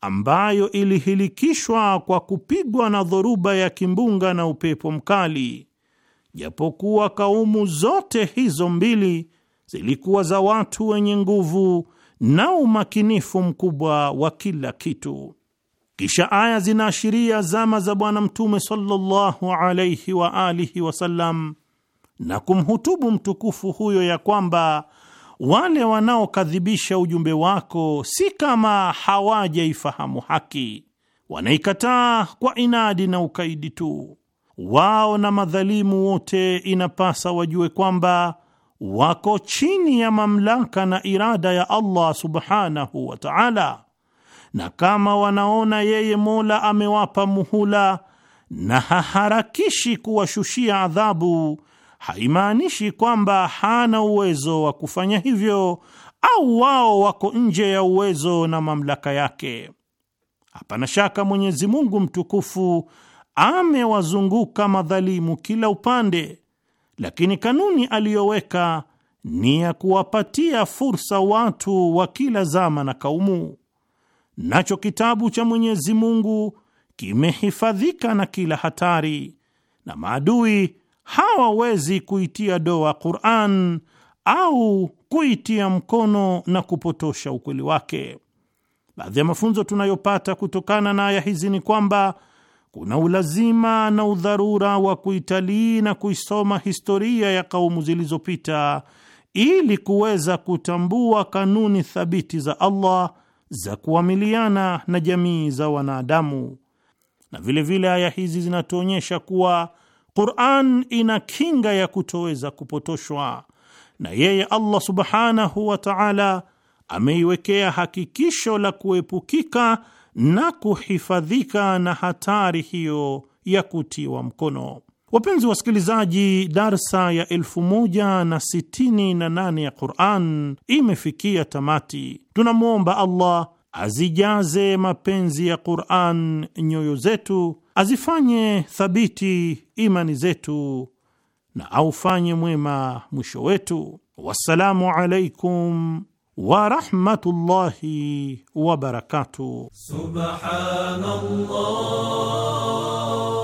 ambayo ilihilikishwa kwa kupigwa na dhoruba ya kimbunga na upepo mkali, japokuwa kaumu zote hizo mbili zilikuwa za watu wenye nguvu na umakinifu mkubwa wa kila kitu. Kisha aya zinaashiria zama za Bwana Mtume sallallahu alaihi wa alihi wasallam na kumhutubu mtukufu huyo ya kwamba wale wanaokadhibisha ujumbe wako si kama hawajaifahamu haki, wanaikataa kwa inadi na ukaidi tu. Wao na madhalimu wote inapasa wajue kwamba wako chini ya mamlaka na irada ya Allah subhanahu wa ta'ala na kama wanaona yeye Mola amewapa muhula na haharakishi kuwashushia adhabu, haimaanishi kwamba hana uwezo wa kufanya hivyo au wao wako nje ya uwezo na mamlaka yake. Hapana shaka Mwenyezi Mungu mtukufu amewazunguka madhalimu kila upande, lakini kanuni aliyoweka ni ya kuwapatia fursa watu wa kila zama na kaumu nacho kitabu cha Mwenyezi Mungu kimehifadhika na kila hatari, na maadui hawawezi kuitia doa Qur'an au kuitia mkono na kupotosha ukweli wake. Baadhi ya mafunzo tunayopata kutokana na aya hizi ni kwamba kuna ulazima na udharura wa kuitalii na kuisoma historia ya kaumu zilizopita ili kuweza kutambua kanuni thabiti za Allah za kuamiliana na jamii za wanadamu. Na vilevile aya hizi zinatuonyesha kuwa Qur'an ina kinga ya kutoweza kupotoshwa, na yeye Allah subhanahu wa ta'ala ameiwekea hakikisho la kuepukika na kuhifadhika na hatari hiyo ya kutiwa mkono. Wapenzi wasikilizaji, darsa ya elfu moja na sitini na nane ya Quran imefikia tamati. Tunamwomba Allah azijaze mapenzi ya Quran nyoyo zetu, azifanye thabiti imani zetu na aufanye mwema mwisho wetu. Wassalamu alaikum warahmatullahi wabarakatuh. Subhanallah.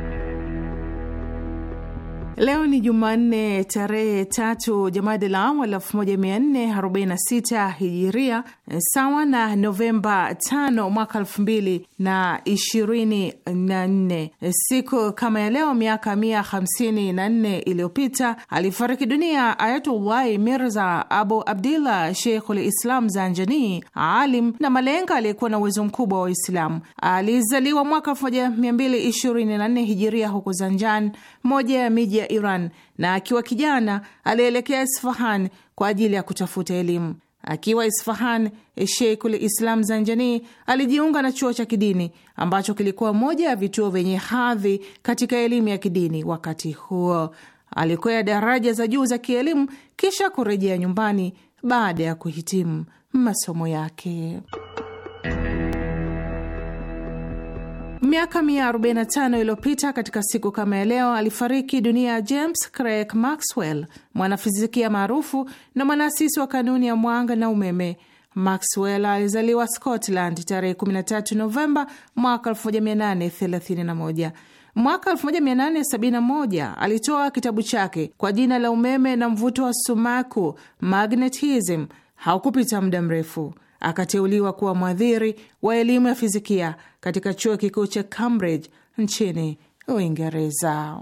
Leo ni Jumanne tarehe tatu Jamadi la Awal 1446 Hijiria, sawa na Novemba 5 mwaka 2024. Siku kama ya leo miaka 154 iliyopita alifariki dunia Ayatullahi Mirza Abu Abdillah Sheikhul Islam Zanjani, alim na malenga aliyekuwa na uwezo mkubwa wa Waislamu. Alizaliwa mwaka 1224 Hijiria huko Zanjan, moja ya miji ya Iran na akiwa kijana alielekea Isfahan kwa ajili ya kutafuta elimu. Akiwa Isfahan, Sheikul Islam Zanjani alijiunga na chuo cha kidini ambacho kilikuwa moja ya vituo vyenye hadhi katika elimu ya kidini wakati huo. Alikwea daraja za juu za kielimu kisha kurejea nyumbani baada ya kuhitimu masomo yake. Miaka 145 iliyopita katika siku kama ya leo alifariki dunia James craig Maxwell, mwanafizikia maarufu na mwanaasisi wa kanuni ya mwanga na umeme. Maxwell alizaliwa Scotland tarehe 13 Novemba mwaka 1831. Mwaka 1871 alitoa kitabu chake kwa jina la Umeme na Mvuto wa Sumaku, Magnetism. Haukupita muda mrefu akateuliwa kuwa mwadhiri wa elimu ya fizikia katika chuo kikuu cha Cambridge nchini Uingereza.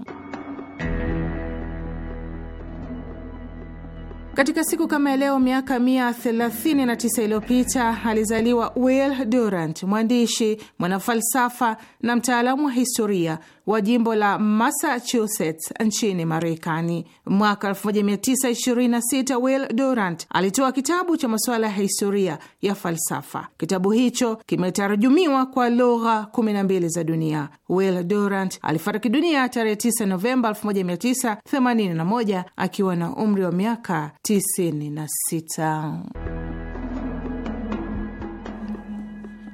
Katika siku kama leo miaka 139 iliyopita alizaliwa Will Durant, mwandishi, mwanafalsafa na mtaalamu wa historia wa jimbo la Massachusetts nchini Marekani. Mwaka 1926 Will Durant alitoa kitabu cha masuala ya historia ya falsafa. Kitabu hicho kimetarajumiwa kwa lugha 12 za dunia. Will Durant alifariki dunia tarehe 9 Novemba 1981 akiwa na umri wa miaka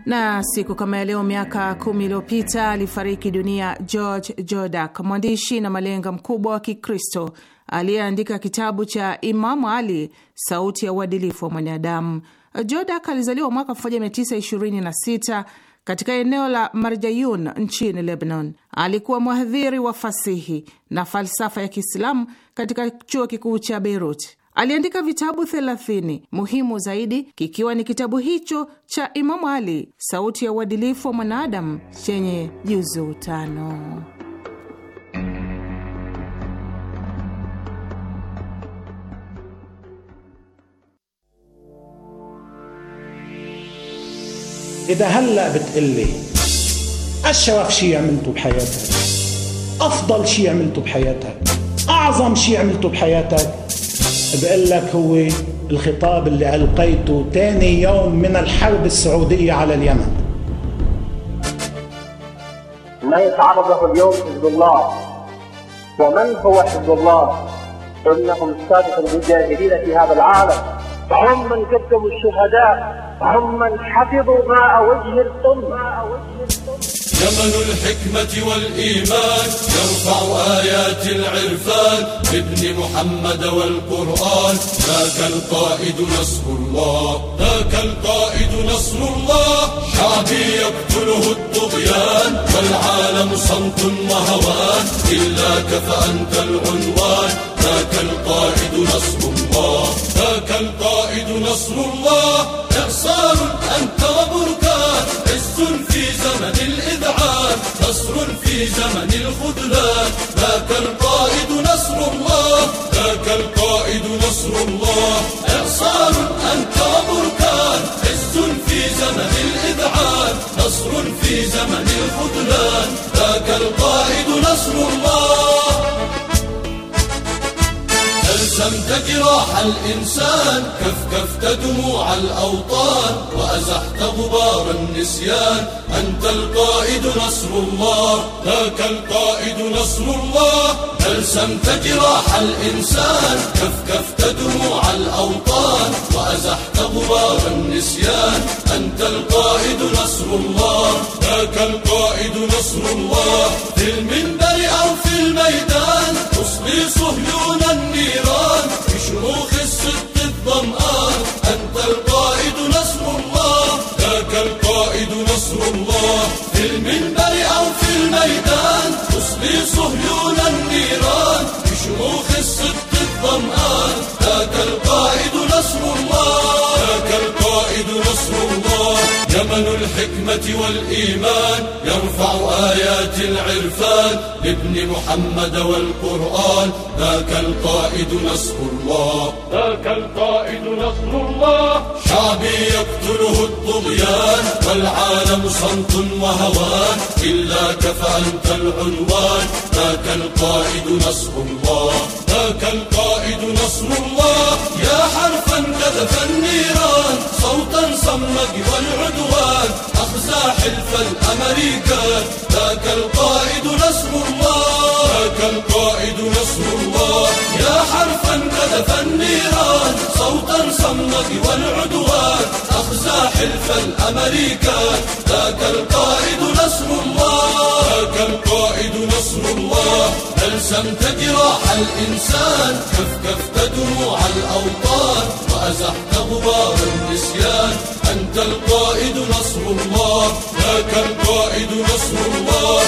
na siku kama ya leo miaka kumi iliyopita alifariki dunia George Jordak, mwandishi na malenga mkubwa wa Kikristo aliyeandika kitabu cha Imamu Ali, sauti ya uadilifu wa mwanadamu. Jordak alizaliwa mwaka 1926 katika eneo la Marjayun nchini Lebanon. Alikuwa mhadhiri wa fasihi na falsafa ya Kiislamu katika chuo kikuu cha Beirut. Aliandika vitabu thelathini, muhimu zaidi kikiwa ni kitabu hicho cha Imamu Ali, sauti ya uadilifu wa mwanadamu chenye juzi tano. بقول لك هو الخطاب اللي ألقيته ثاني يوم من الحرب السعودية على اليمن ما يتعرض له اليوم حزب الله ومن هو حزب الله إنهم سادة المجاهدين في هذا العالم هم من قدموا الشهداء هم من حفظوا ماء وجه الأمة زمن الحكمة والإيمان يرفع آيات العرفان بابن محمد والقرآن ذاك القائد نصر الله ذاك القائد نصر الله شعبي يقتله الطغيان والعالم صمت وهوان إلا أنت العنوان ذاك القائد نصر الله ذاك القائد نصر الله نصر في زمن الإذعان نصر في زمن الخذلان ذاك القائد نصر الله ذاك القائد نصر الله إعصار أنت وبركان عز في زمن الإذعان نصر في زمن الخذلان ذاك القائد نصر الله شمت جراح الإنسان كفكفت دموع الأوطان وأزحت غبار النسيان أنت القائد نصر الله ذاك القائد نصر الله ألسمت جراح الإنسان كفكفت دموع الأوطان وأزحت غبار النسيان أنت القائد نصر الله ذاك القائد نصر الله في المنبر أو في الميدان تصلي صهيون النيران صاروخ الصدق الظمآن أنت القائد نصر الله ذاك القائد نصر الله في المنبر أو في الميدان تصلي صهيون النيران بشموخ الصدق الظمآن ذاك القائد نصر الله زمن الحكمة والإيمان يرفع آيات العرفان لابن محمد والقرآن ذاك القائد نصر الله ذاك القائد نصر الله شعبي يقتله الطغيان والعالم صمت وهوان إلا كفى أنت العنوان ذاك القائد نصر الله ذاك القائد نصر الله يا حرفا قذف النيران صوتا صمد والعدوان حلف الأمريكان ذاك القائد نصر الله ذاك القائد نصر الله يا حرفا قذف النيران صوتا صمت والعدوان أخزى حلف الأمريكان ذاك القائد نصر الله ذاك القائد نصر الله ألسمت جراح الإنسان كف كف دموع الأوطان وأزحت غبار النسيان أنت القائد نصر الله ذاك القائد نصر الله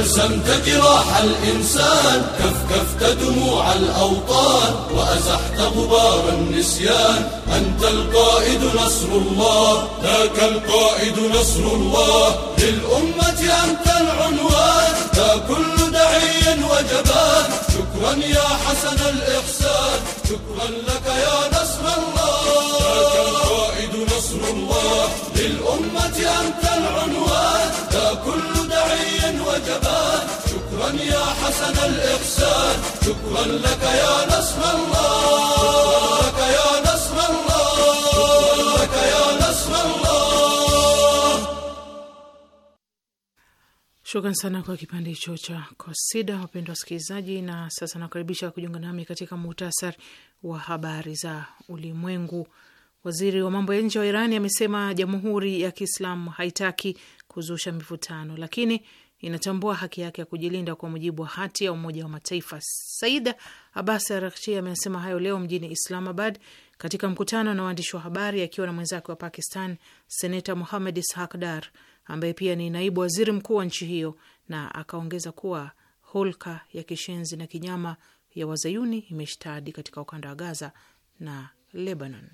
ألسمت جراح الإنسان كفكفت دموع الأوطان وأزحت غبار النسيان أنت القائد نصر الله ذاك القائد نصر الله للأمة أنت العنوان لا كل دعي وجبان شكرا يا حسن الإحسان شكرا لك يا نصر الله الله للأمة أنت العنوان ذا كل دعي وجبان شكرا يا حسن الإحسان شكرا لك يا نصر الله لك يا نصر الله لك يا نصر الله Shukran sana kwa kipande hicho cha kosida, wapendwa wasikilizaji, na sasa nakaribisha kujiunga nami katika muhtasari wa habari za ulimwengu. Waziri wa mambo ya nje wa Irani amesema jamhuri ya Kiislamu haitaki kuzusha mivutano, lakini inatambua haki yake ya kujilinda kwa mujibu wa hati ya Umoja wa Mataifa. Saida Abbas Arakchi amesema hayo leo mjini Islamabad katika mkutano na waandishi wa habari akiwa na mwenzake wa Pakistan seneta Muhamed Ishaq Dar ambaye pia ni naibu waziri mkuu wa nchi hiyo, na akaongeza kuwa hulka ya kishenzi na kinyama ya wazayuni imeshtadi katika ukanda wa Gaza na Lebanon.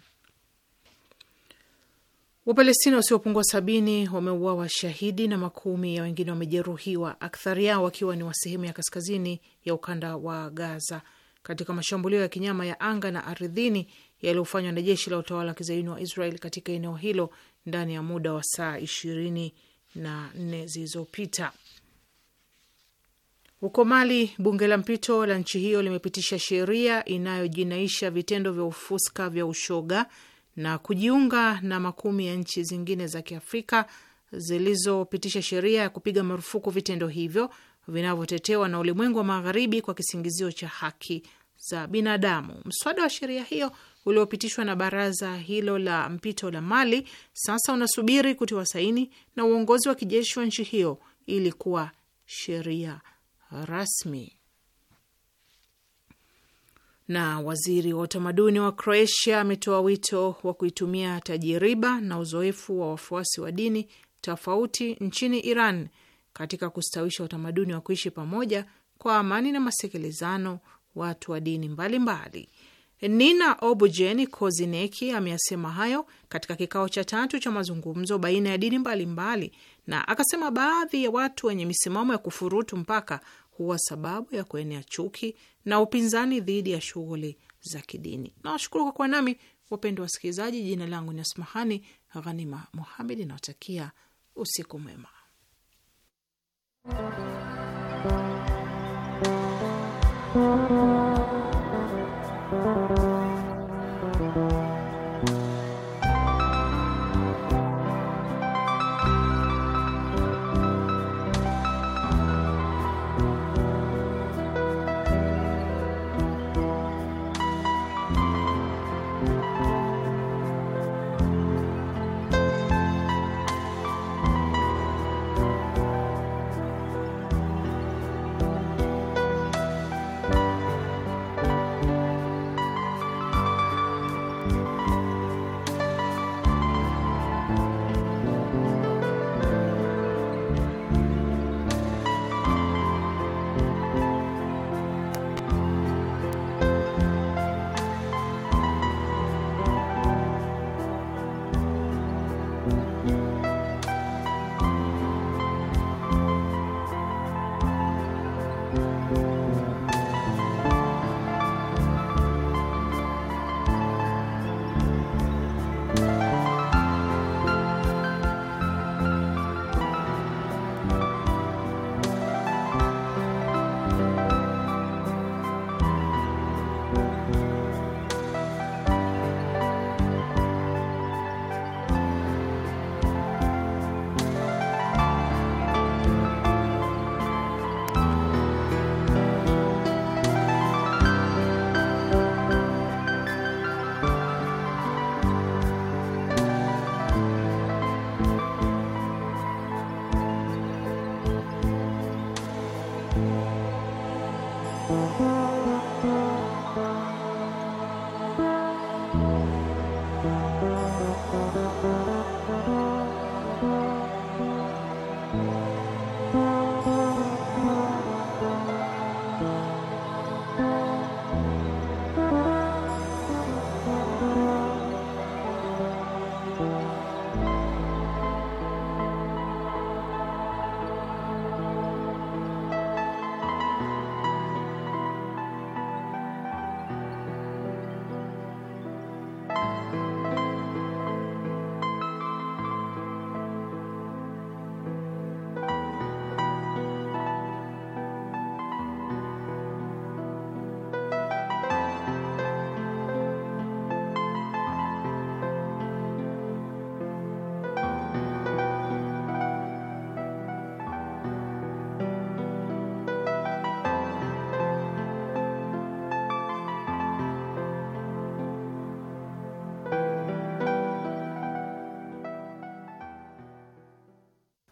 Wapalestina wasiopungua sabini wameuawa shahidi na makumi ya wengine wamejeruhiwa, akthari yao wakiwa ni wa sehemu ya kaskazini ya ukanda wa Gaza katika mashambulio ya kinyama ya anga na ardhini yaliyofanywa na jeshi la utawala wa kizayuni wa Israel katika eneo hilo ndani ya muda wa saa ishirini na nne zilizopita. Huko Mali, bunge la mpito la nchi hiyo limepitisha sheria inayojinaisha vitendo vya ufuska vya ushoga na kujiunga na makumi ya nchi zingine za Kiafrika zilizopitisha sheria ya kupiga marufuku vitendo hivyo vinavyotetewa na ulimwengu wa magharibi kwa kisingizio cha haki za binadamu. Mswada wa sheria hiyo uliopitishwa na baraza hilo la mpito la Mali sasa unasubiri kutiwa saini na uongozi wa kijeshi wa nchi hiyo ili kuwa sheria rasmi. Na waziri wa utamaduni wa Croatia ametoa wito wa kuitumia tajiriba na uzoefu wa wafuasi wa dini tofauti nchini Iran katika kustawisha utamaduni wa kuishi pamoja kwa amani na masikilizano watu wa dini mbalimbali mbali. Nina Obujeni Kozineki ameyasema hayo katika kikao cha tatu cha mazungumzo baina ya dini mbalimbali mbali, na akasema baadhi ya watu wenye misimamo ya kufurutu mpaka kuwa sababu ya kuenea chuki na upinzani dhidi ya shughuli za kidini. Nawashukuru kwa kuwa nami, wapendwa wasikilizaji. Jina langu ni Asmahani Ghanima Muhamedi, nawatakia usiku mwema.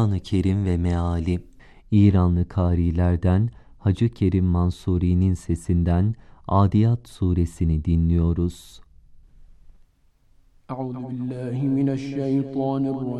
Kur'an-ı Kerim ve Meali İranlı karilerden Hacı Kerim Mansuri'nin sesinden Adiyat suresini dinliyoruz. Euzu